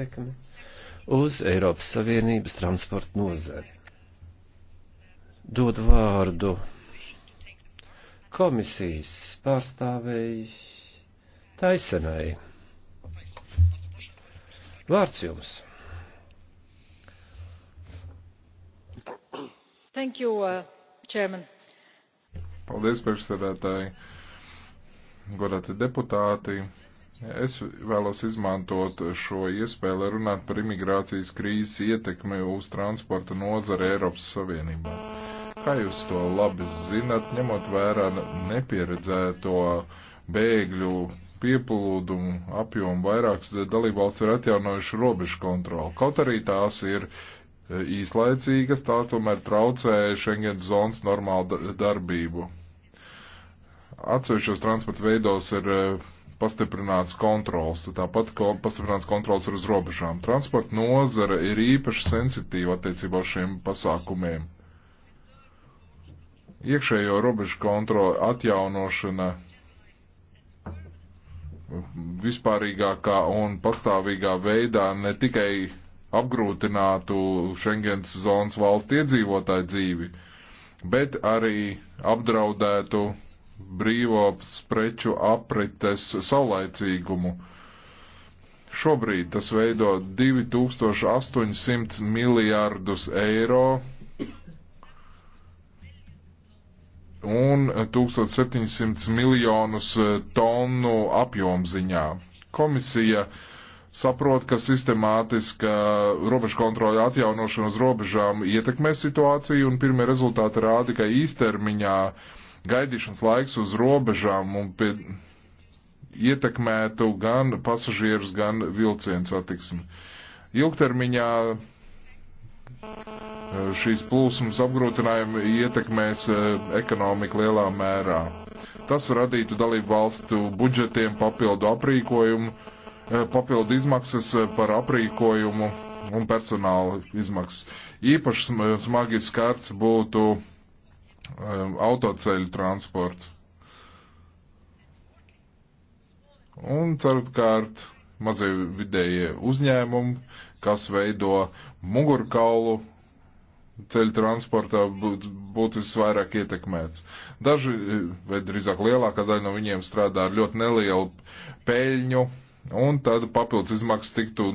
ietekmi uz Eiropas Savienības transporta nozari. Dod vārdu komisijas pārstāvēji Taisenai. Vārds jums! You, uh, Paldies, priekšsēdētāji, godāti deputāti, Es vēlos izmantot šo iespēju, lai runātu par imigrācijas krīzes ietekmi uz transporta nozare Eiropas Savienībā. Kā jūs to labi zinat, ņemot vērā nepieredzēto bēgļu pieplūdumu apjomu vairākas dalībvalsts ir atjaunojuši robežu kontroli. Kaut arī tās ir e, īslaicīgas, tā tomēr traucē Schengen zonas normālu darbību. Atsevišķos transporta veidos ir uh, pastiprināts kontrols, tāpat ko pastiprināts kontrols ir uz robežām. Transporta nozara ir īpaši sensitīva attiecībā uz šiem pasākumiem. Iekšējo robežu kontrola atjaunošana vispārīgākā un pastāvīgā veidā ne tikai apgrūtinātu Schengens zonas valstu iedzīvotāju dzīvi, bet arī apdraudētu brīvo preču aprites saulaicīgumu. Šobrīd tas veido 2800 miljārdus eiro un 1700 miljonus tonu apjomziņā. Komisija saprot, ka sistemātiska robežu kontrola atjaunošana uz robežām ietekmē situāciju un pirmie rezultāti rāda, ka īstermiņā uh, gaidīšanas laiks uz robežām un pie, ietekmētu gan pasažierus, gan vilcienu satiksmi. Ilgtermiņā e, šīs plūsmas apgrūtinājumi ietekmēs e, ekonomiku lielā mērā. Tas radītu dalību valstu budžetiem papildu aprīkojumu, e, papildu izmaksas par aprīkojumu un personāla izmaksas. Īpaši smagi skarts būtu Ehm, autoceļu transports. Un ceturtkārt, mazie vidējie uzņēmumi, kas veido mugurkaulu ceļu transportā būtu būt visvairāk ietekmēts. Daži, vai drīzāk lielākā daļa no viņiem strādā ar ļoti nelielu peļņu, un tad papildus izmaksas tiktu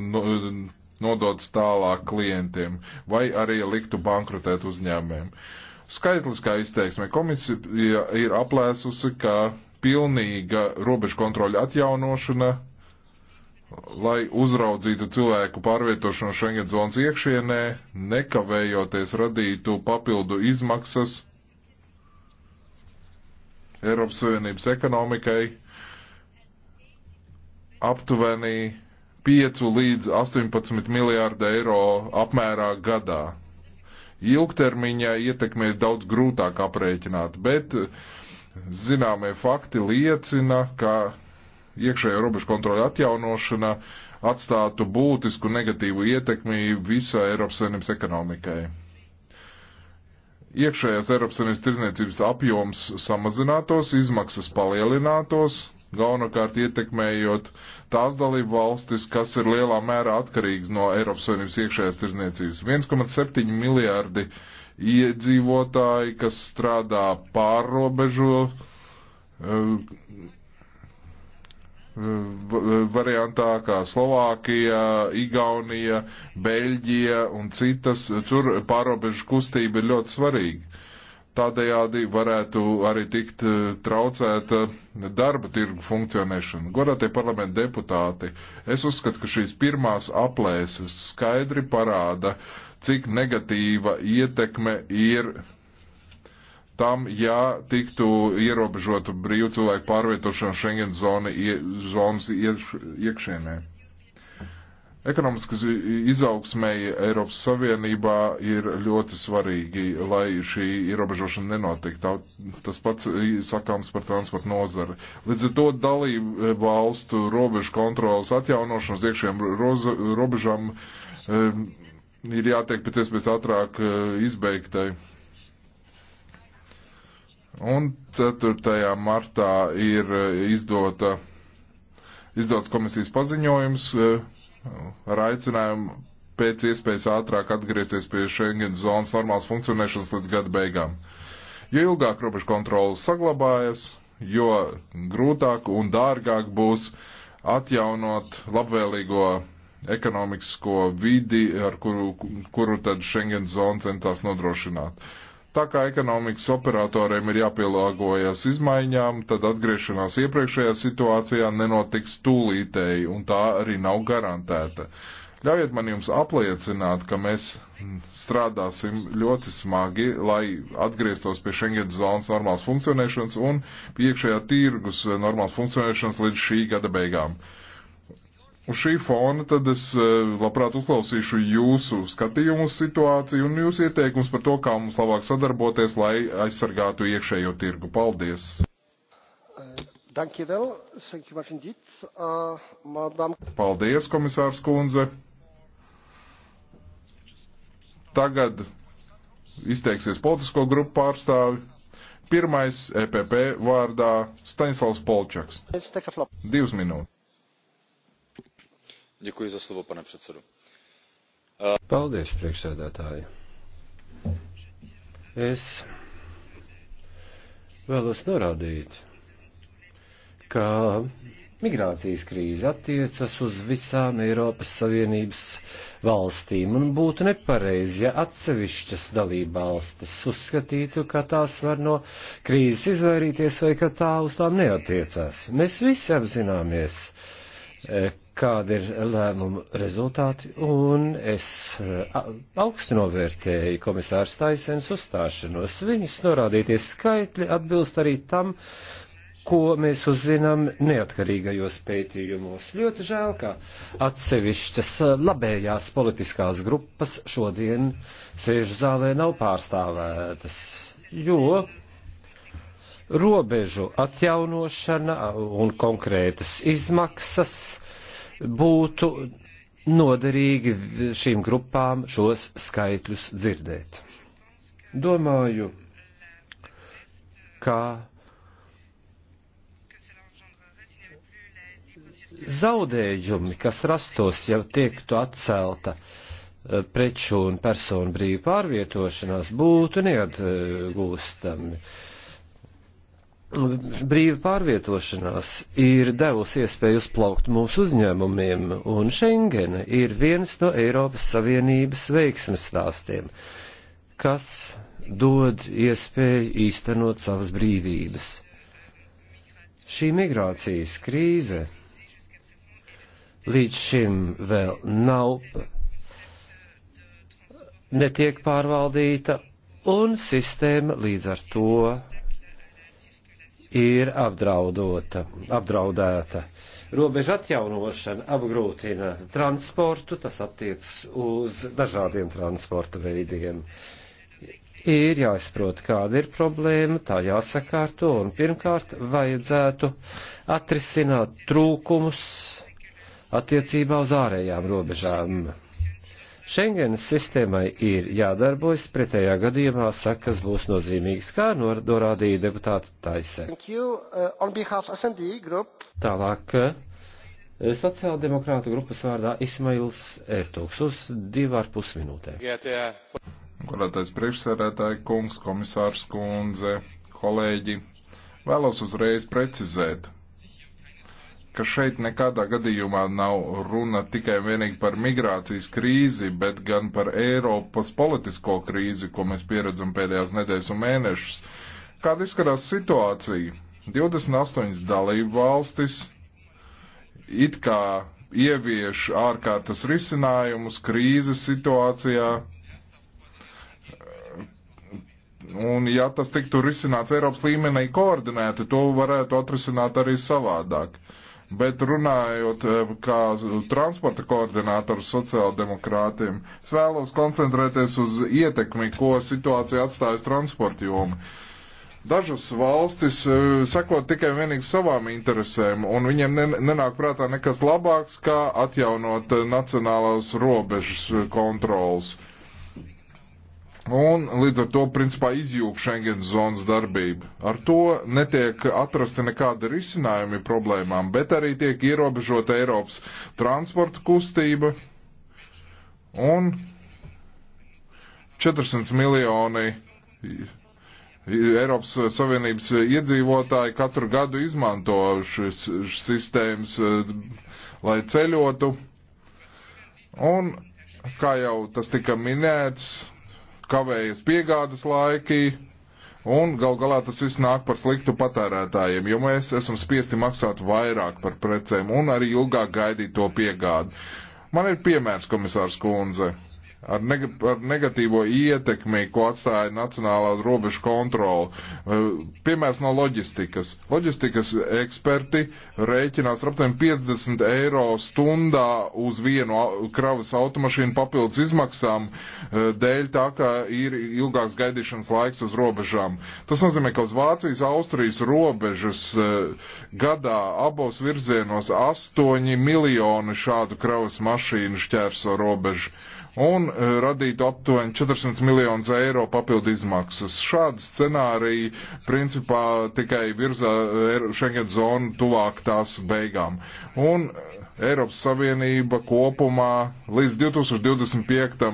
nodots tālāk klientiem, vai arī liktu bankrotēt uzņēmējiem. Uh, Skaitliskā izteiksme komisija ir aplēsusi, ka pilnīga robežu kontroļa atjaunošana, lai uzraudzītu cilvēku pārvietošanu Schengen zonas iekšienē, nekavējoties radītu papildu izmaksas Eiropas Savienības ekonomikai aptuveni 5 līdz 18 miljārdu eiro apmērā gadā. Ilgtermiņā ietekme ir daudz grūtāk aprēķināt, bet eh, zināmie fakti liecina, ka iekšējā robežu kontroļa atjaunošana atstātu būtisku negatīvu ietekmi visā Eiropas Savienības ekonomikai. Iekšējās Eiropas Savienības tirzniecības apjoms samazinātos, izmaksas palielinātos, galvenokārt ietekmējot tās dalību valstis, kas ir lielā mērā atkarīgas no Eiropas Savienības iekšējās tirzniecības. 1,7 miljārdi iedzīvotāji, kas strādā pārrobežo eh, variantā, kā Slovākija, Igaunija, Beļģija un citas, tur pārobežu kustība ir ļoti svarīga. Tādējādi varētu arī tikt e, traucēta darba tirgu funkcionēšana. Godātie parlamenta deputāti, es uzskatu, ka šīs pirmās aplēses skaidri parāda, cik negatīva ietekme ir tam, ja tiktu ierobežotu brīvu cilvēku pārvietošanu Schengen zoni, zonas iekšienē. Ekonomiskas izaugsmēji Eiropas Savienībā ir ļoti svarīgi, lai šī ierobežošana nenotiktu. Tas pats sakāms par transportu nozari. Līdz ar to dalību valstu robežu kontrolas atjaunošanas iekšējām robežām ir jātiek pēc iespējas ātrāk e, izbeigtai. Un 4. martā ir e, izdota, izdots komisijas paziņojums e, ar aicinājumu pēc iespējas ātrāk atgriezties pie Schengen zonas normālas funkcionēšanas līdz gada beigām. Jo ilgāk robežu kontrolas saglabājas, jo grūtāk un dārgāk būs atjaunot labvēlīgo ekonomisko vidi, ar kuru, kuru tad Schengen zona centās nodrošināt. Tā kā ekonomikas operatoriem ir jāpielāgojas izmaiņām, tad atgriešanās iepriekšējā situācijā nenotiks tūlītēji, un tā arī nav garantēta. Ļaujiet man jums apliecināt, ka mēs strādāsim ļoti smagi, lai atgrieztos pie Schengen zonas normālas funkcionēšanas un pie iekšējā tirgus normālas funkcionēšanas līdz šī gada beigām. Uz šī fona tad es e, labprāt uzklausīšu jūsu skatījumu situāciju un jūsu ieteikums par to, kā mums labāk sadarboties, lai aizsargātu iekšējo tirgu. Paldies! E, Paldies, komisārs Kunze! Tagad izteiksies politisko grupu pārstāvi. Pirmais EPP vārdā Staņslavs Polčaks. Divas minūtes pane předsedající paldies priekšsēdētāji es vēlos norādīt ka migrācijas krīze attiecas uz visām Eiropas Savienības valstīm un būtu nepareizi, ja atsevišķas dalībvalstis uzskatītu, ka tās var no krīzes izvairīties vai ka tā uz tām neatiecās. Mēs visi apzināmies, eh, kāda ir lēmuma rezultāti, un es augstu novērtēju komisārs Taisens uzstāšanos. Viņas norādīties skaitļi atbilst arī tam, ko mēs uzzinām neatkarīgajos pētījumos. Ļoti žēl, ka atsevišķas labējās politiskās grupas šodien sēžu zālē nav pārstāvētas, jo robežu atjaunošana un konkrētas izmaksas būtu noderīgi šīm grupām šos skaitļus dzirdēt. Domāju, ka zaudējumi, kas rastos, ja tiektu atcelta eh, preču un personu brīvu pārvietošanās, būtu neatgūstami. Uh, brīva pārvietošanās ir devusi iespēju uzplaukt mūsu uzņēmumiem, un Schengena ir viens no Eiropas Savienības veiksmes stāstiem, kas dod iespēju īstenot savas brīvības. Šī migrācijas krīze līdz šim vēl nav, netiek pārvaldīta, un sistēma līdz ar to ir apdraudota, apdraudēta. Robeža atjaunošana apgrūtina transportu, tas attiecas uz dažādiem transporta veidiem. Ir jāizprot, kāda ir problēma, tā jāsakārto, un pirmkārt vajadzētu atrisināt trūkumus attiecībā uz ārējām robežām Šengenas sistēmai ir jādarbojas, pretējā gadījumā sakas būs nozīmīgas, kā norādīja deputāta Taise. Uh, Tālāk uh, sociāldemokrātu grupas vārdā Ismails Ertūks uz divu ar pus minūtēm. Godātais priekšsēdētāji, kungs, komisārs kundze, kolēģi, vēlos uzreiz precizēt, ka šeit nekādā gadījumā nav runa tikai un vienīgi par migrācijas krīzi, bet gan par Eiropas politisko krīzi, ko mēs pieredzam pēdējās nedēļas un mēnešus. Kāda izskatās situācija? 28 dalību valstis it kā ievieš ārkārtas risinājumus krīzes situācijā, Un, ja tas tiktu risināts Eiropas līmenī koordinēti, to varētu atrisināt arī savādāk. Uh, Bet runājot eh, kā transporta koordinātoru sociāldemokrātiem, es vēlos koncentrēties uz ietekmi, ko situācija atstājas transporta jomu. Dažas valstis eh, seko tikai vienīgi savām interesēm, un viņiem nenāk prātā nekas labāks, kā atjaunot nacionālās robežas eh, kontrolas. Uh, Un līdz ar to, principā, izjūg Schengen zonas darbība. Ar to netiek atrasta nekāda risinājumi problēmām, bet arī tiek ierobežota Eiropas transporta kustība un 400 miljoni Eiropas Savienības iedzīvotāji katru gadu izmanto šis, šis sistēmas, eh, lai ceļotu. Un, kā jau tas tika minēts, kavējas piegādes laiki, un gal galā tas viss nāk par sliktu patērētājiem, jo mēs esam spiesti maksāt vairāk par precēm un arī ilgāk gaidīt to piegādi. Man ir piemērs, komisārs Kunze ar, neg ar negatīvo ietekmi, ko atstāja Nacionālā robeža kontrola. Eh, piemērs no loģistikas. Loģistikas eksperti rēķinās aptuveni 50 eiro stundā uz vienu kravas automašīnu papildus izmaksām eh, dēļ tā, ka ir ilgāks gaidīšanas laiks uz robežām. Tas nozīmē, ka uz Vācijas, Austrijas robežas eh, gadā abos virzienos 8 miljoni šādu kravas mašīnu šķērso robežu un e, radītu aptuveni 400 miljonus eiro papildu izmaksas. Šādi scenāriji principā tikai virza e, Schengen zonu tuvāk tās beigām. Un e, Eiropas Savienība kopumā līdz 2025.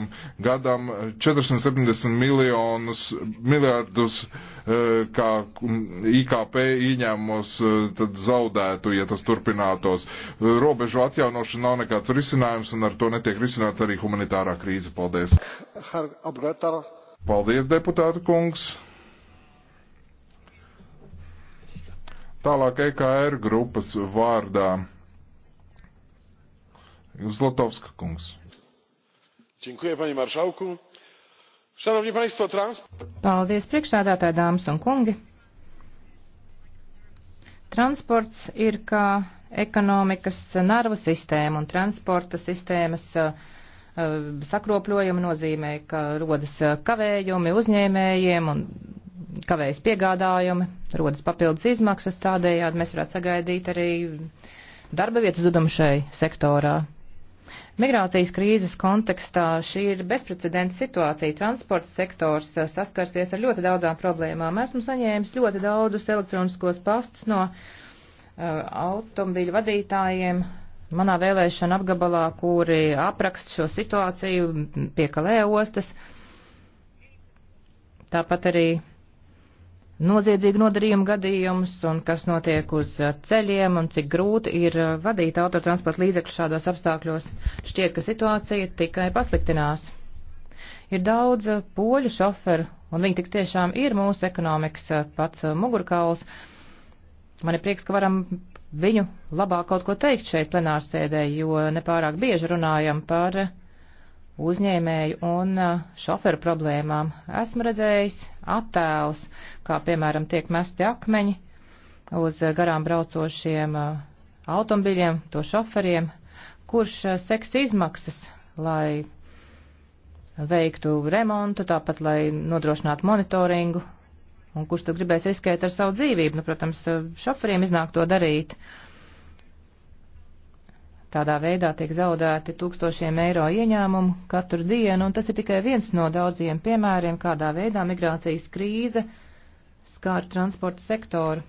gadam 470 miljonus, miljardus eh, kā mm, IKP ieņēmumos eh, tad zaudētu, ja tas turpinātos. Robežu atjaunošana nav nekāds risinājums un ar to netiek risināta arī humanitārā krīze. Paldies. Paldies, deputāta kungs. Tālāk EKR grupas vārdā. Zlotowska kungs. Dziękuję, panie marszałku. Szanowni państwo, trans... Paldies, priekšsādātāji, dāmas un kungi. Transports ir kā ekonomikas nervu sistēma un transporta sistēmas uh, sakropļojumi nozīmē, ka rodas kavējumi uzņēmējiem un kavējas piegādājumi, rodas papildus izmaksas, tādējādi mēs varētu sagaidīt arī darba vietu zudumu šai sektorā. Migrācijas krīzes kontekstā šī ir bezprecedenta situācija. Transporta sektors eh, saskarsies ar ļoti daudzām problēmām. Esmu saņēmis ļoti daudzus elektroniskos pastus no uh, automobīļu vadītājiem manā vēlēšana apgabalā, kuri aprakst šo situāciju pie Kalē ostas. Tāpat arī noziedzīgu nodarījumu gadījumus un kas notiek uz uh, ceļiem un cik grūti ir uh, vadīt autotransporta līdzekļus šādos apstākļos, šķiet, ka situācija tikai pasliktinās. Ir daudz uh, poļu šoferu, un viņi tik tiešām ir mūsu ekonomikas pats mugurkauls. Man ir prieks, ka varam viņu labāk kaut ko teikt šeit plenārsēdē, jo nepārāk bieži runājam par uzņēmēju un uh, šoferu problēmām. Esmu redzējis attēlus, kā piemēram tiek mesti akmeņi uz uh, garām braucošiem uh, automobiļiem, to šoferiem, kurš seks izmaksas, lai veiktu remontu, tāpat lai nodrošinātu monitoringu, un kurš tu gribēs riskēt ar savu dzīvību. Nu, protams, šoferiem iznāk to darīt. Uh, Tādā veidā tiek zaudēti tūkstošiem eiro ieņēmumu katru dienu, un tas ir tikai viens no daudziem piemēriem, kādā veidā migrācijas krīze skār transporta sektoru.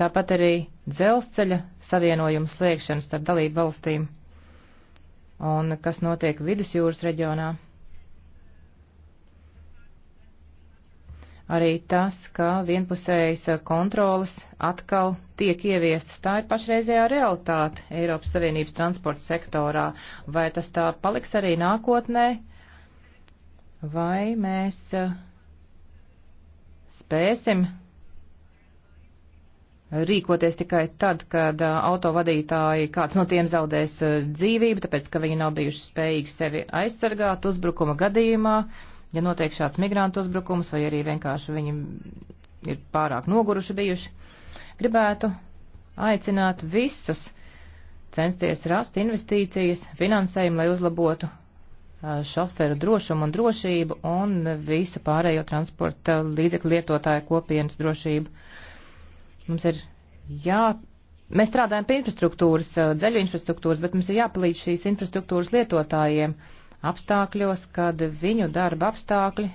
Tāpat arī dzelzceļa savienojumu slēgšanas starp dalību valstīm un kas notiek vidusjūras reģionā. Arī tas, ka vienpusējas kontrolas atkal tiek ieviestas, tā ir pašreizējā realitāte Eiropas Savienības transporta sektorā. Vai tas tā paliks arī nākotnē, vai mēs eh, spēsim rīkoties tikai tad, kad eh, autovadītāji, kāds no tiem zaudēs eh, dzīvību, tāpēc, ka viņi nav bijuši spējīgi sevi aizsargāt uzbrukuma gadījumā, ja notiek šāds migrantu uzbrukums, vai arī vienkārši viņi ir pārāk noguruši bijuši. Gribētu aicināt visus censties rast investīcijas, finansējumu, lai uzlabotu šoferu drošumu un drošību un visu pārējo transporta līdzekļu lietotāju kopienas drošību. Mums ir jā. Mēs strādājam pie infrastruktūras, dzeļu infrastruktūras, bet mums ir jāpalīdz šīs infrastruktūras lietotājiem apstākļos, kad viņu darba apstākļi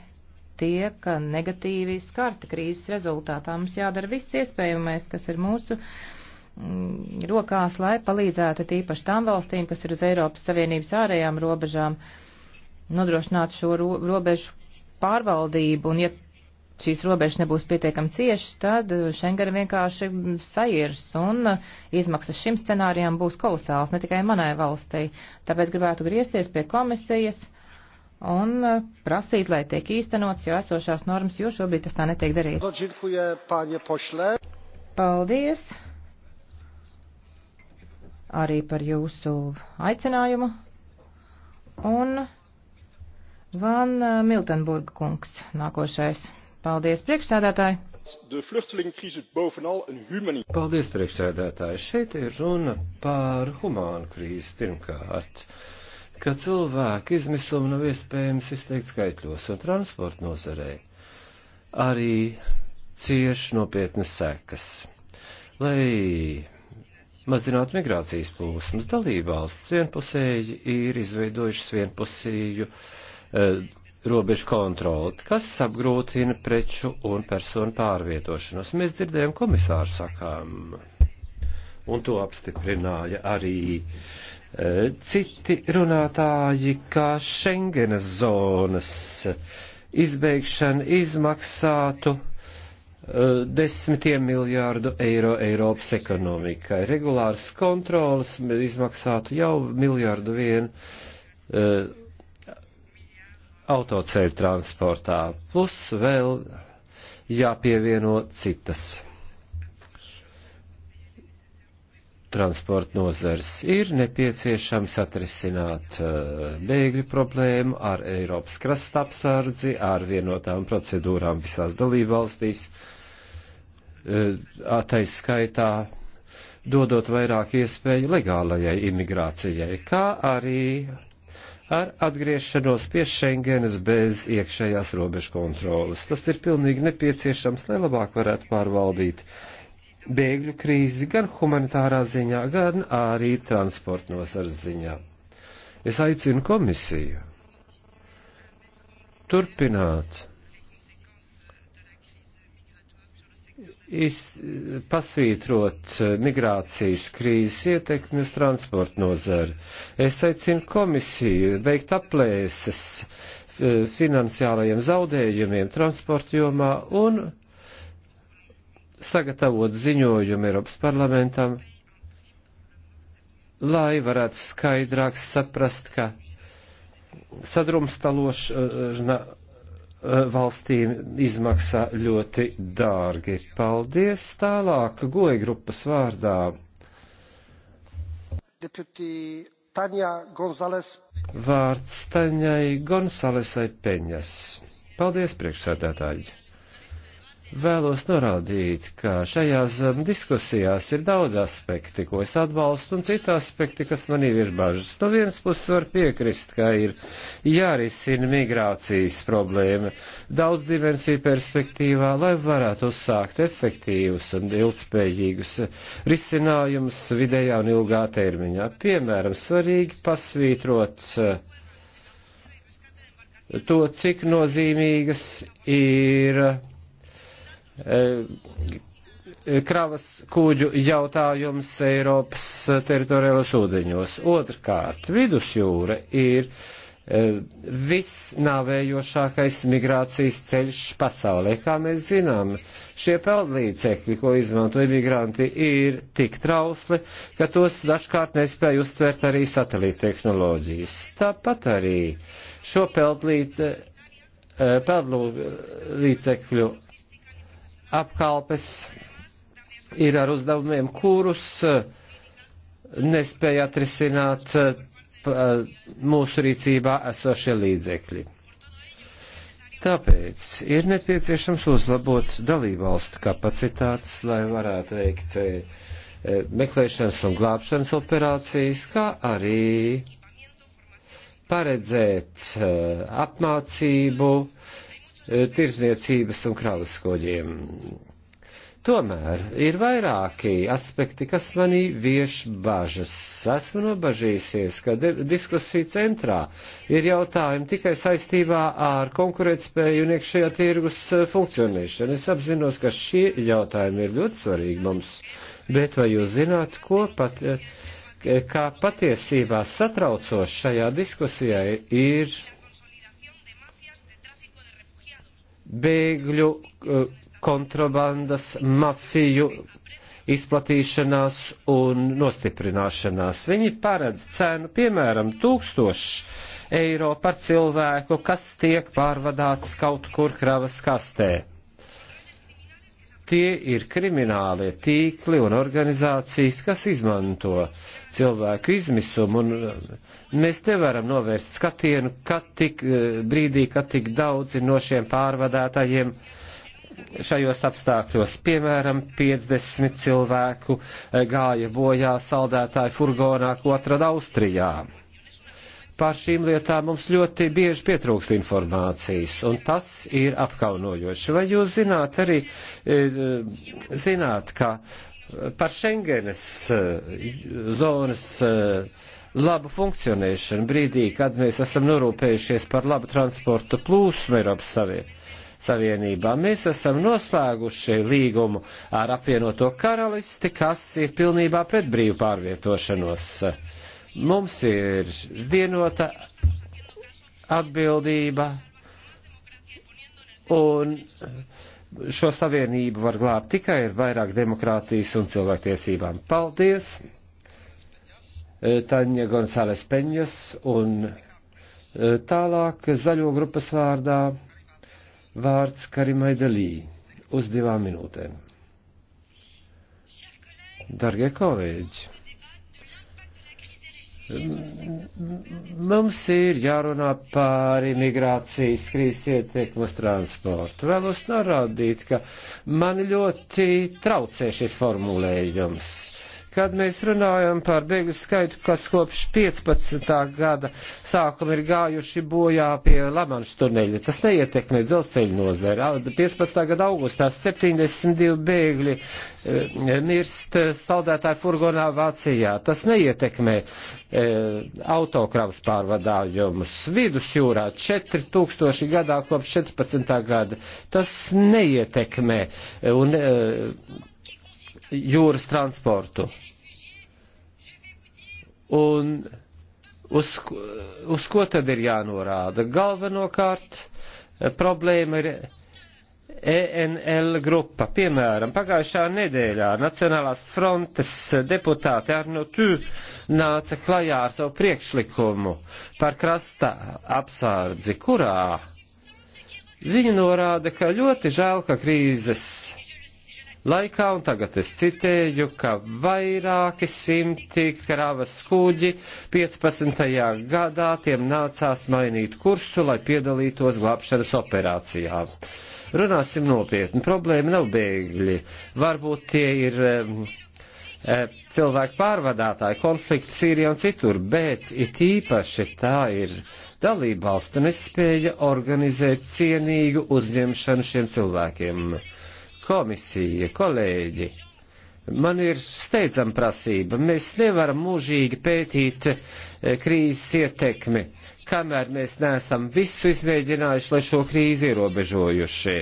tiek negatīvi skarta krīzes rezultātā. Mums jādara viss iespējamais, kas ir mūsu mm, rokās, lai palīdzētu tīpaši tām valstīm, kas ir uz Eiropas Savienības ārējām robežām, nodrošināt šo ro robežu pārvaldību. Un, ja šīs robežas nebūs pietiekami cieši, tad Schengen vienkārši sairs un izmaksas šim scenārijam būs kolosāls ne tikai manai valstī. Tāpēc gribētu griezties pie komisijas un uh, prasīt, lai tiek īstenots jau esošās normas, jo šobrīd tas tā netiek darīts. Paldies arī par jūsu aicinājumu. Un Van uh, Miltenburga kungs nākošais. Paldies, priekšsēdētāji! De vluchtelingencrisis bovenal een humanitaire. Paldies, priekšsēdētāji. Šeit ir runa par humānu krīzi pirmkārt. Uh, ka cilvēku izmisumu nav iespējams izteikt skaitļos, un transporta nozarei arī cieš nopietnas sekas. Lai mazināt migrācijas plūsmas, dalībvalsts vienpusēji ir izveidojušas vienpusēju e, robežu kontroli, kas apgrūtina preču un personu pārvietošanos. Mēs dzirdējam komisāru sakām, un to apstiprināja arī citi runātāji, kā Schengenas zonas izbeigšana izmaksātu eh, desmitiem miljārdu eiro Eiropas ekonomikai. Regulāras kontrolas izmaksātu jau miljārdu vienu uh, eh, autoceļu transportā, plus vēl jāpievieno citas transporta nozars ir nepieciešams atrisināt uh, bēgļu problēmu ar Eiropas krasta apsardzi, ar vienotām procedūrām visās dalībvalstīs, uh, ataiskaitā dodot vairāk iespēju legālajai imigrācijai, kā arī ar atgriešanos pie Schengenes bez iekšējās robežu kontrolas. Tas ir pilnīgi nepieciešams, lai labāk varētu pārvaldīt uh, bēgļu krīzi gan humanitārā ziņā, gan arī transporta nozars ziņā. Es aicinu komisiju turpināt iz, pasvītrot migrācijas krīzes ietekmi uz transporta nozari. Es aicinu komisiju veikt aplēses eh, finansiālajiem zaudējumiem transporta jomā un sagatavot ziņojumu Eiropas parlamentam, lai varētu skaidrāk saprast, ka sadrumstalošana eh, valstīm izmaksā ļoti dārgi. Paldies tālāk goja grupas vārdā. Deputy Tanja Gonzales. Vārds Taņai Gonzalesai Peņas. Paldies, priekšsēdētāji. Vēlos norādīt, ka šajās um, diskusijās ir daudz aspekti, ko es atbalstu, un citi aspekti, kas manī ir bažas. No vienas puses var piekrist, ka ir jārisina migrācijas problēma daudz dimensiju perspektīvā, lai varētu uzsākt efektīvus un ilgspējīgus risinājumus vidējā un ilgā termiņā. Piemēram, svarīgi pasvītrot uh, to, cik nozīmīgas ir Eh, kravas kuģu jautājums Eiropas teritoriālos ūdeņos. Otrkārt, vidusjūra ir eh, visnāvējošākais migrācijas ceļš pasaulē. Kā mēs zinām, šie peldlīdzekļi, ko izmanto imigranti, ir tik trausli, ka tos dažkārt nespēja uztvert arī satelīta tehnoloģijas. Tāpat arī šo peldlīdzekļu eh, apkalpes ir ar uzdevumiem, kurus eh, nespēja atrisināt eh, eh, mūsu rīcībā esošie līdzekļi. Tāpēc ir nepieciešams uzlabot dalībvalstu kapacitātes, lai varētu veikt meklēšanas un glābšanas operācijas, kā arī paredzēt apmācību, Eh, tirzniecības un kravas kuģiem. Tomēr ir vairāki aspekti, kas manī vieš bažas. Esmu nobažījusies, ka diskusija centrā ir jautājumi tikai saistībā ar konkurētspēju un iekšējā tirgus eh, funkcionēšanu. Es apzinos, ka šie jautājumi ir ļoti svarīgi mums, bet vai jūs zināt, ko pat, eh, kā patiesībā satraucoši šajā diskusijā ir bēgļu eh, kontrabandas, mafiju izplatīšanās un nostiprināšanās. Viņi paredz cenu, piemēram, tūkstošu eiro par cilvēku, kas tiek pārvadāts kaut kur kravas kastē tie ir kriminālie tīkli un organizācijas, kas izmanto cilvēku izmisumu, un uh, mēs nevaram novērst skatienu, kad tik uh, brīdī, kad tik daudzi no šiem pārvadātājiem šajos apstākļos, piemēram, 50 cilvēku uh, gāja bojā saldētāju furgonā, ko atrada Austrijā par šīm lietām mums ļoti bieži pietrūks informācijas, un tas ir apkaunojoši. Vai jūs zināt arī, zināt, ka par Schengenes eh, zonas eh, labu funkcionēšanu brīdī, kad mēs esam norūpējušies par labu transporta plūsmu Eiropas Savienībā. Mēs esam noslēguši līgumu ar apvienoto karalisti, kas ir pilnībā pret brīvu pārvietošanos. Mums ir vienota atbildība un uh, šo savienību var glābt tikai ar vairāk demokrātijas un cilvēktiesībām. Paldies! E, Taņa Gonzales Peņas un e, tālāk zaļo grupas vārdā vārds Karimai Delī uz divām minūtēm. Dargie kolēģi! Mums ir jārunā par imigrācijas krīzes ietekmu uz transportu. Vēlos norādīt, ka man ļoti traucē šis formulējums. Kad mēs runājam par bēgļu skaitu, kas kopš 15. gada sākuma ir gājuši bojā pie Lamanša tuneļa, tas neietekmē dzelzceļu nozari. 15. gada augustā 72 bēgļi eh, mirst saldētāju furgonā Vācijā. Tas neietekmē eh, autokravas pārvadājumus. Vidusjūrā 4000 gadā kopš 14. gada. Tas neietekmē. Eh, un, jūras transportu. Un uz, uz ko tad ir jānorāda? Galvenokārt eh, problēma ir ENL grupa. Piemēram, pagājušā nedēļā Nacionālās frontes deputāti Arnotu nāca klajā ar savu priekšlikumu par krasta apsārdzi, kurā viņi norāda, ka ļoti žēl, ka krīzes laikā, un tagad es citēju, ka vairāki simti kravas kuģi 15. gadā tiem nācās mainīt kursu, lai piedalītos glābšanas operācijā. Runāsim nopietni, problēma nav bēgļi, varbūt tie ir. Um, cilvēku pārvadātāji, konflikti Sīrijā un citur, bet it īpaši tā ir dalībvalstu nespēja organizēt cienīgu uzņemšanu šiem cilvēkiem komisija, kolēģi, man ir steidzama prasība. Mēs nevaram mūžīgi pētīt eh, krīzes ietekmi, kamēr mēs neesam visu izmēģinājuši, lai šo krīzi ierobežojuši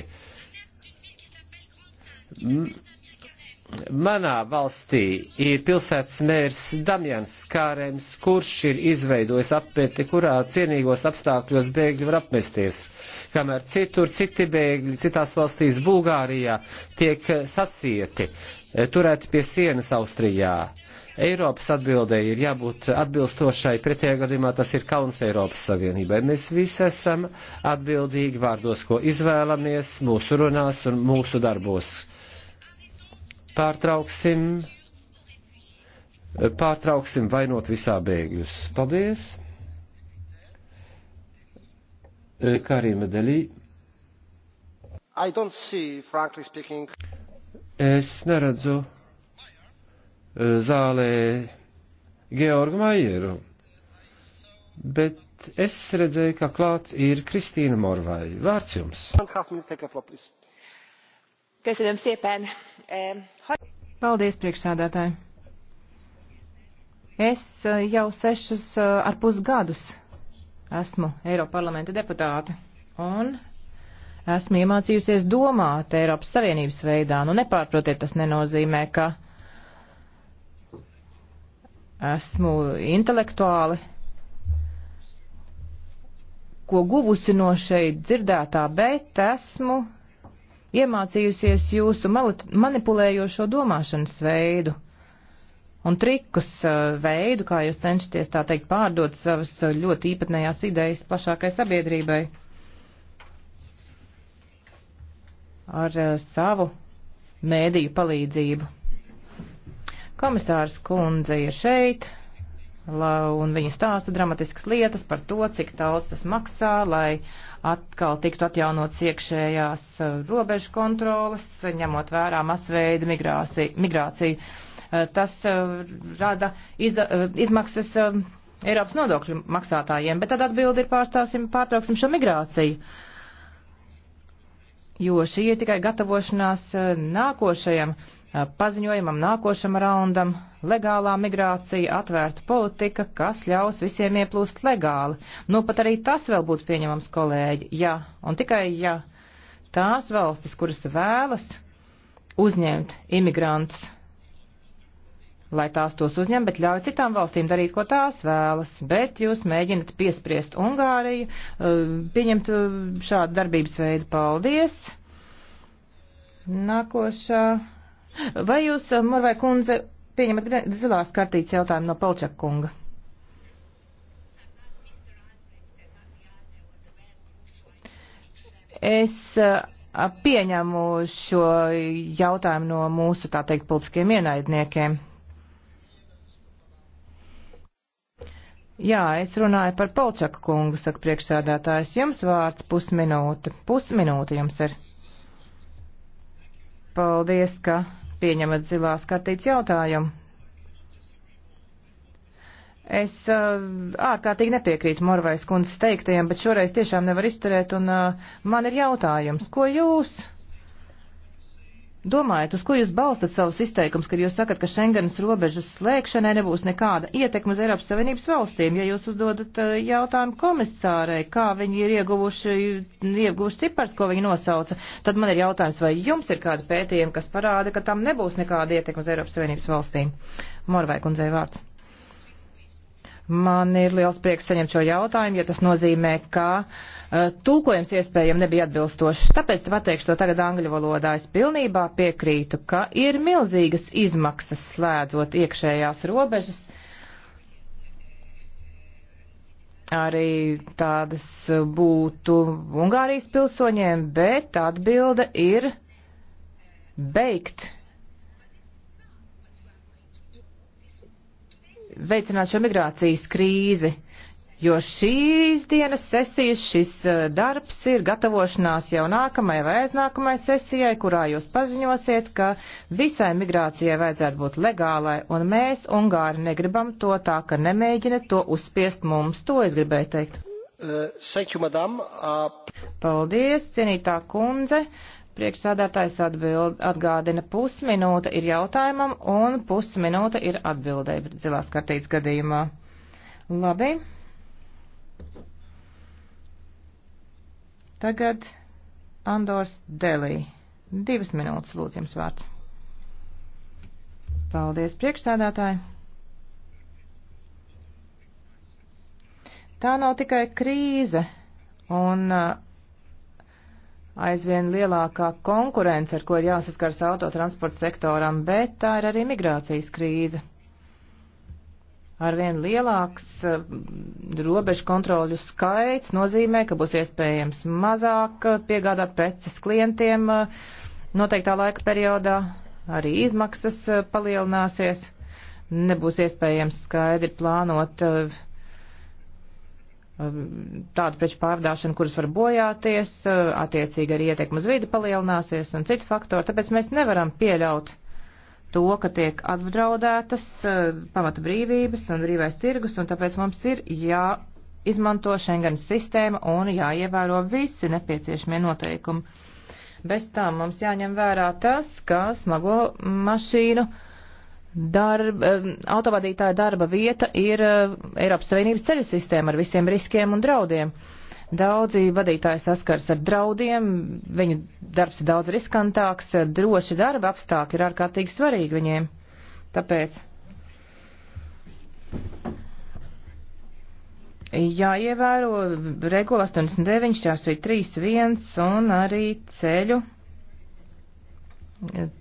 manā valstī ir pilsētas mērs Damjans Kārēms, kurš ir izveidojis apmeti, kurā cienīgos apstākļos bēgļi var apmesties, kamēr citur citi bēgļi, citās valstīs Bulgārijā tiek sasieti, turēti pie sienas Austrijā. Eiropas atbildēji ir jābūt atbilstošai, pretējā gadījumā tas ir kauns Eiropas Savienībai. Mēs visi esam atbildīgi vārdos, ko izvēlamies, mūsu runās un mūsu darbos pārtrauksim, pārtrauksim vainot visā bēgļus. Paldies! E, Karīma Delī. I don't see, frankly speaking. Es neredzu e, zālē Georgu Maieru, bet es redzēju, ka klāts ir Kristīna Morvai. Vārds jums. Paldies, priekšsādātāji. Es jau sešus ar pusgadus esmu Eiroparlamenta deputāte un esmu iemācījusies domāt Eiropas Savienības veidā. Nu, nepārprotiet, tas nenozīmē, ka esmu intelektuāli, ko guvusi no šeit dzirdētā, bet esmu iemācījusies jūsu manipulējošo domāšanas veidu un trikus uh, veidu, kā jūs cenšaties tā teikt pārdot savas uh, ļoti īpatnējās idejas plašākai sabiedrībai ar uh, savu mēdīju palīdzību. Komisārs kundze ir šeit, un viņa stāsta dramatiskas lietas par to, cik daudz tas maksā, lai atkal tiktu atjaunots iekšējās eh, robežu kontrolas, ņemot vērā masveida migrāciju. migrāciju. Eh, tas eh, rada iz, izmaksas Eiropas nodokļu maksātājiem, bet tad atbildi ir pārstāsim, pārtrauksim šo migrāciju. Jo šī ir tikai gatavošanās nākošajam paziņojumam, nākošam raundam - legālā migrācija, atvērta politika, kas ļaus visiem ieplūst legāli. Nu, pat arī tas vēl būtu pieņemams, kolēģi, ja un tikai ja tās valstis, kuras vēlas uzņemt imigrantus, lai tās tos uzņem, bet ļauj citām valstīm darīt, ko tās vēlas. Bet jūs mēģinat piespriest Ungāriju, pieņemt šādu darbības veidu. Paldies! Nākošā Vai jūs, eh, Morvai kundze, pieņemat zilās kartītes jautājumu no Polčaka kunga? Es eh, pieņemu šo jautājumu no mūsu, tā teikt, politiskiem ienaidniekiem. Jā, es runāju par Polčaku kungu, saka priekšsēdētājs. Jums vārds pusminūte. Pusminūte jums ir. Paldies, ka pieņemat zilās kartītes jautājumu. Es uh, ārkārtīgi nepiekrītu Morvais kundzes teiktajiem, bet šoreiz tiešām nevar izturēt, un uh, man ir jautājums, ko jūs Domājiet, uz ko jūs balstat savus izteikumus, kad jūs sakat, ka Schengenas robežas slēgšanai nebūs nekāda ietekme uz Eiropas Savienības valstīm, ja jūs uzdodat eh, jautājumu komisārai, kā viņi ir ieguvuši, ieguvuši cipars, ko viņi nosauca, tad man ir jautājums, vai jums ir kāda pētījuma, kas parāda, ka tam nebūs nekāda ietekme uz Eiropas Savienības valstīm. Morvai kundzei vārds. Man ir liels prieks saņemt šo jautājumu, jo tas nozīmē, ka uh, tulkojums iespējami nebija atbilstošs. Tāpēc pateikšu to tagad angļu valodā. Es pilnībā piekrītu, ka ir milzīgas izmaksas slēdzot iekšējās robežas. Arī tādas būtu Ungārijas pilsoņiem, bet atbilde ir beigt veicināt šo migrācijas krīzi, jo šīs dienas sesijas, šis darbs ir gatavošanās jau nākamajai vai aiznākamajai sesijai, kurā jūs paziņosiet, ka visai migrācijai vajadzētu būt legālai, un mēs, Ungāri, negribam to tā, ka nemēģina to uzspiest mums. To es gribēju teikt. Uh, you, madam. Uh... Paldies, cienītā kundze. Priekšsādātājs atbild, atgādina pusminūte ir jautājumam un pusminūte ir atbildēji zilās kartītes gadījumā. Labi. Tagad Andors Delī. Divas minūtes lūdzu jums vārds. Paldies priekšsādātāji. Tā nav tikai krīze un uh, aizvien lielākā konkurence, ar ko ir jāsaskars autotransporta sektoram, bet tā ir arī migrācijas krīze. Arvien lielāks eh, robežu kontroļu skaits nozīmē, ka būs iespējams mazāk eh, piegādāt preces klientiem eh, noteiktā laika periodā, arī izmaksas palielināsies, nebūs iespējams skaidri plānot uh, Um, tādu preču pārvadāšanu, kuras var bojāties, uh, attiecīgi arī ietekme uz vidi palielināsies un citu faktoru. Tāpēc mēs nevaram pieļaut to, ka tiek apdraudētas uh, pamata brīvības un brīvais tirgus, un tāpēc mums ir jāizmanto Schengen sistēma un jāievēro visi nepieciešamie noteikumi. Bez tām mums jāņem vērā tas, ka smago mašīnu uh, darb, eh, autovadītāja darba vieta ir eh, Eiropas Savienības ceļu sistēma ar visiem riskiem un draudiem. Daudzi vadītāji saskars ar draudiem, viņu darbs ir daudz riskantāks, eh, droši darba apstākļi ir ārkārtīgi svarīgi viņiem. Tāpēc jāievēro regula 89, 431 un arī ceļu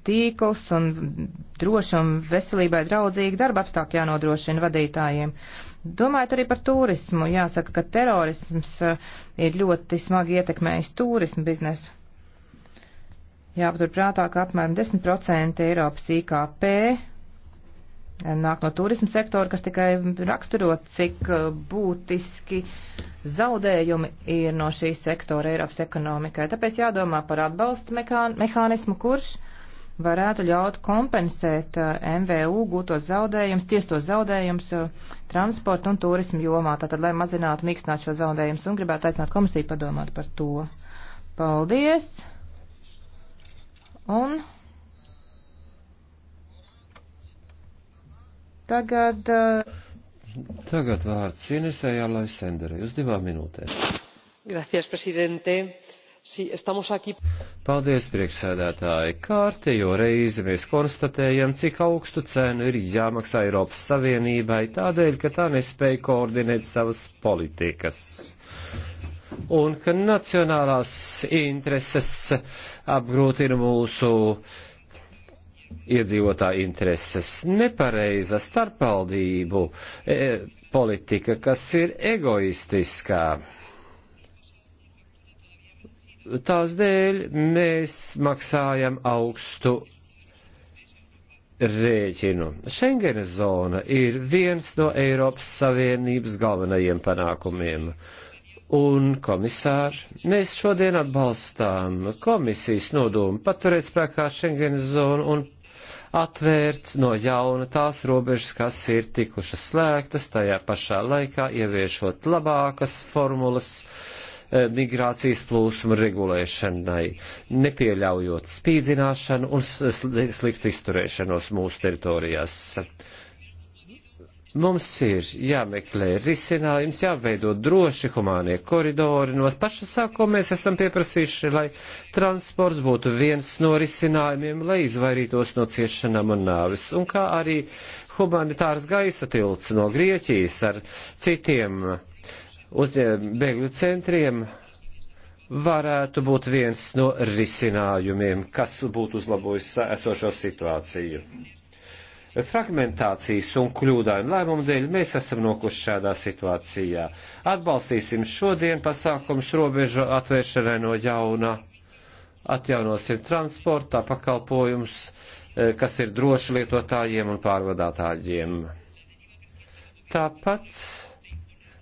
tīkls un droši un veselībai draudzīgi darba apstākļi jānodrošina vadītājiem. Domājot arī par turismu, jāsaka, ka terorisms eh, ir ļoti smagi ietekmējis turismu biznesu. Jāpatur prātā, ka apmēram 10% Eiropas IKP nāk no turismu sektora, kas tikai raksturo, cik uh, būtiski zaudējumi ir no šīs sektora Eiropas ekonomikai. Tāpēc jādomā par atbalsta mehānismu, kurš varētu ļaut kompensēt uh, MVU gūtos zaudējumus, tiestos zaudējumus uh, transporta un turismu jomā. Tātad, lai mazinātu, mīkstinātu šo zaudējumus un gribētu aicināt komisiju padomāt par to. Paldies! Un Tagad. Uh, Tagad vārds Inesai Alai Senderei uz divām minūtēm. Gracias, presidente. Si, estamos aquí. Paldies, priekšsēdētāji. Kārtējo reizi mēs konstatējam, cik augstu cenu ir jāmaksā Eiropas Savienībai tādēļ, ka tā nespēja koordinēt savas politikas un ka nacionālās intereses apgrūtina mūsu uh, iedzīvotāju intereses, nepareiza starpvaldību e, politika, kas ir egoistiskā. Tās dēļ mēs maksājam augstu rēķinu. Schengenes zona ir viens no Eiropas Savienības galvenajiem panākumiem. Un, komisār, mēs šodien atbalstām komisijas nodomu paturēt spēkā Schengenes zonu un atvērts no jauna tās robežas, kas ir tikušas slēgtas, tajā pašā laikā ieviešot labākas formulas eh, migrācijas plūsmu regulēšanai, nepieļaujot spīdzināšanu un sliktu izturēšanos mūsu teritorijās. Mums ir jāmeklē risinājums, jāveido droši humānie koridori. No paša sākuma mēs esam pieprasījuši, lai transports būtu viens no risinājumiem, lai izvairītos no ciešanām un nāvis. Un kā arī humanitārs gaisa tilts no Grieķijas ar citiem uzņēm, eh, bēgļu centriem varētu būt viens no risinājumiem, kas būtu uzlabojis esošo situāciju fragmentācijas un kļūdājumu lēmumu dēļ mēs esam nokuši šādā situācijā. Atbalstīsim šodien pasākums robežu atvēršanai no jauna, atjaunosim transportā pakalpojums, eh, kas ir droši lietotājiem un pārvadātājiem. Tāpat